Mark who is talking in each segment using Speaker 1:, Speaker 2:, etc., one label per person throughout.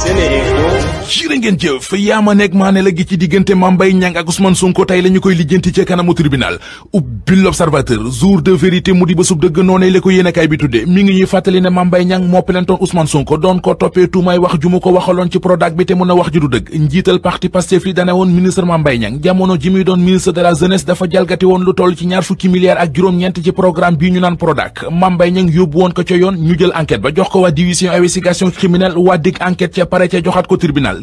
Speaker 1: Senegal jërë ngeen jëf yaama nekk maa ne la gi ci diggante Mame Mbaye Niang ak Ousmane Sonko tey la ñu koy lijjanti ca kanamu tribunal ubbi l'observateur jour de vérité mu di bésub dëgg noonee la ko bi tuddee mi ngi ñuy fàttali ne Mame Mbaye Niang moo pelentoon Ousmane Sonko doon ko toppee tuumaay wax ju mu ko waxaloon ci Prodac bi te mun a wax ju du dëgg njiital parti Pastef li dane woon ministre Mame Mbaye Niang jamono ji muy doon ministre de la jeunesse dafa jalgati woon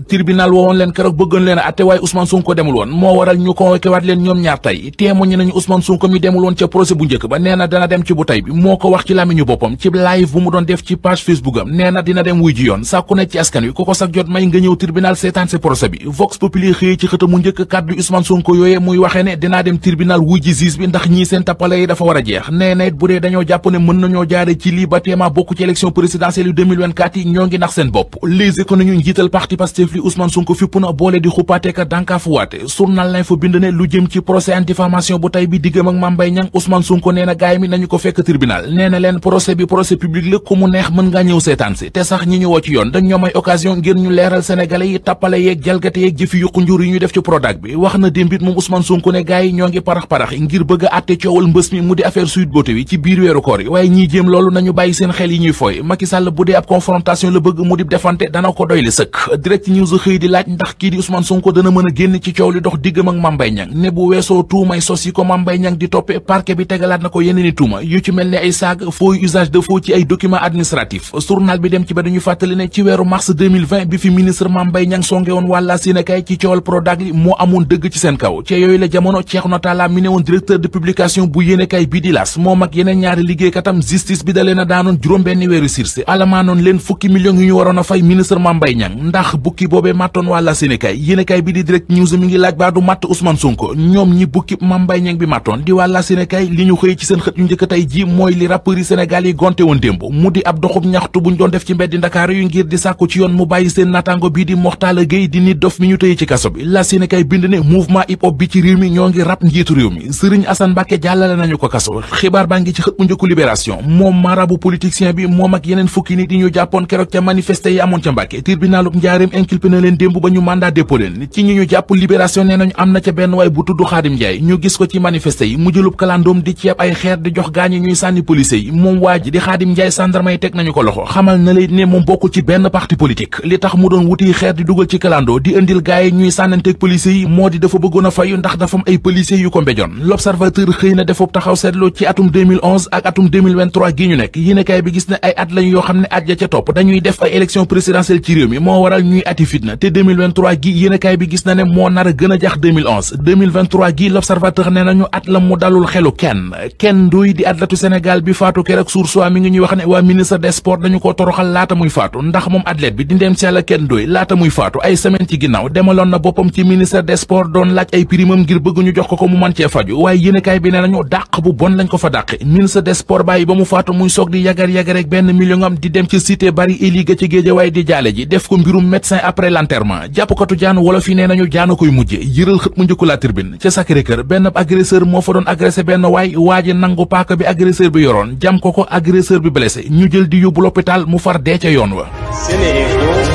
Speaker 1: tribunal tribunal woowoon leen keroog bëggoon leen a atte waaye Ousmane Sonko demul woon moo waral ñu convoqué waat leen ñoom ñaar tey témoigné nañu Ousmane Sonko mi demul woon ca procès bu njëkk ba nee na dana dem ci bu tey bi moo ko wax ci làmmiñu boppam ci live bu mu doon def ci page Facebook am nee na dina dem wuy ji yoon sàkku ne ci askan wi ku ko sax jot may nga ñëw tribunal seetaan si procès bi Vox Populi xëyee ci xëta mu njëkk kàddu Ousmane Sonko yooyee muy waxee ne dinaa dem tribunal wuy ji juge bi ndax ñii seen tappale yi dafa war a jeex nee na it dee dañoo jàpp ne mën nañoo jaare ci lii ba téema bokk ci élection ñoo ngi nax seen bopp les yëf li Ousmane Sonko fipp na boole di xuppaateeka dànkaafuwaate journal lañ fa bind ne lu jëm ci procès en diffamation bu tey bi diggam ak Mame Mbaye Niang Ousmane Sonko ko fekk tribunal nee na leen procès bi procès public la ku mu neex mën woo ci yoon dañ ñoo may occasion ngir ñu leeral sénégalais yi tappale yeeg ñu def ci Prodac wax na démbit moom Ousmane Sonko ne gaay yi ñoo ngi parax-parax ngir bëgg a àtte coowal mbës mi mu di affaire Sweet Beauté wi ci biir weeru koor yi waaye ñiy jéem loolu nañu bàyyi seen xel yi ñuy fooy Macky bu dee ab confrontation la bëgg mu di defante dana ko doy sëkk news xëy di laaj ndax kii di Ousmane Sonko dana mën a génn ci coow li dox diggam ak Mame Mbaye Niang weesoo tuumay sos yi ko Mame Mbaye di toppe parquet bi tegalaat na ko yeneeni tuuma yu ci mel ne ay saag fooy usage de faux ci ay document administratif journal bi dem ci ba fàttali ne ci weeru mars bi fi ministre Mame Mbaye Niang songe woon wàlla sinekaay ci coowal Prodac li moo amoon dëgg ci seen kaw ci yooyu la jamono Cheikhouna Talla mi ne a daanoon juróom benn weeru sursis alamaanoon leen fukki millions yu ñu waroon bukki boobee màttoon waa la Sénégal yéenekaay bi di direct news mi ngi laaj baa du màtt Ousmane Sonko ñoom ñi bukki Mame Mbaye Niang bi màttoon di waa la li ñu xëy ci seen xët yu njëkk tey ji mooy li rappeurs yi Sénégal yi gonte woon démb mu di ab doxub ñaxtu buñ doon def ci mbeddi Ndakaar yu ngir di sàkku ci yoon mu bàyyi seen natango bii di Mokhtar Gueye di nit dof mi ñu tëye ci kaso bi la bind ne mouvement hip hop bi ci réew mi ñoo ngi rap njiitu inculpé na leen démb ba ñu mandat dépôt leen ci ñi ñu jàpp libération nee nañu am na ca benn waay bu tudd Xaadim Njaay ñu gis ko ci manifesté yi mu jëlub kalandoom di ceeb ay xeer di jox gaañi ñuy sànni policier yi moom waa ji di Xaadim Njaay sàndarma nañu ko loxo xamal na lay ne moom bokk ci benn parti politique li tax mu doon wuti xeer di dugal ci kalandoo di indil gaay ñuy sànnanteeg policier yi moo di dafa bëggoon a fayu ndax dafa ay policier yu ñaati fitna te 2023 gi yéenekaay bi gis na ne moo nar a gën a jax 2011 2023 gi l'observateur ne nañu at la mu dalul xelu kenn kenn doy di atlatu Sénégal bi faatu keroog Source A mi ngi ñuy wax ne waa ministre des sports dañu ko toroxal laata muy faatu ndax moom athlète bi di ndeem si yàlla kenn doy laata muy faatu ay semaine ci ginnaaw demaloon na boppam ci ministre des sports doon laaj ay primam ngir bëgg jox ko ko mu mën cee faju waaye yéenekaay bi ne nañu dàq bu bon lañ ko fa dàq ministre des sports bàyyi ba mu faatu muy soog di yagar yagar ak benn am di dem ci cité bari eliga ci di jaale ji def ko mbirum médecin après l'enterrement jàppkatu jaan wolof yi nee nañu jaana koy mujje yëral xët mu njëkku la tribune ca Sacré-Cœur benn agresseur moo fa doon agressé benn waay waa ji nangu paaka bi agresseur bi yoroon jam ko ko agresseur bi blessé ñu jël di yóbbu l'hôpital mu far dee ca yoon wa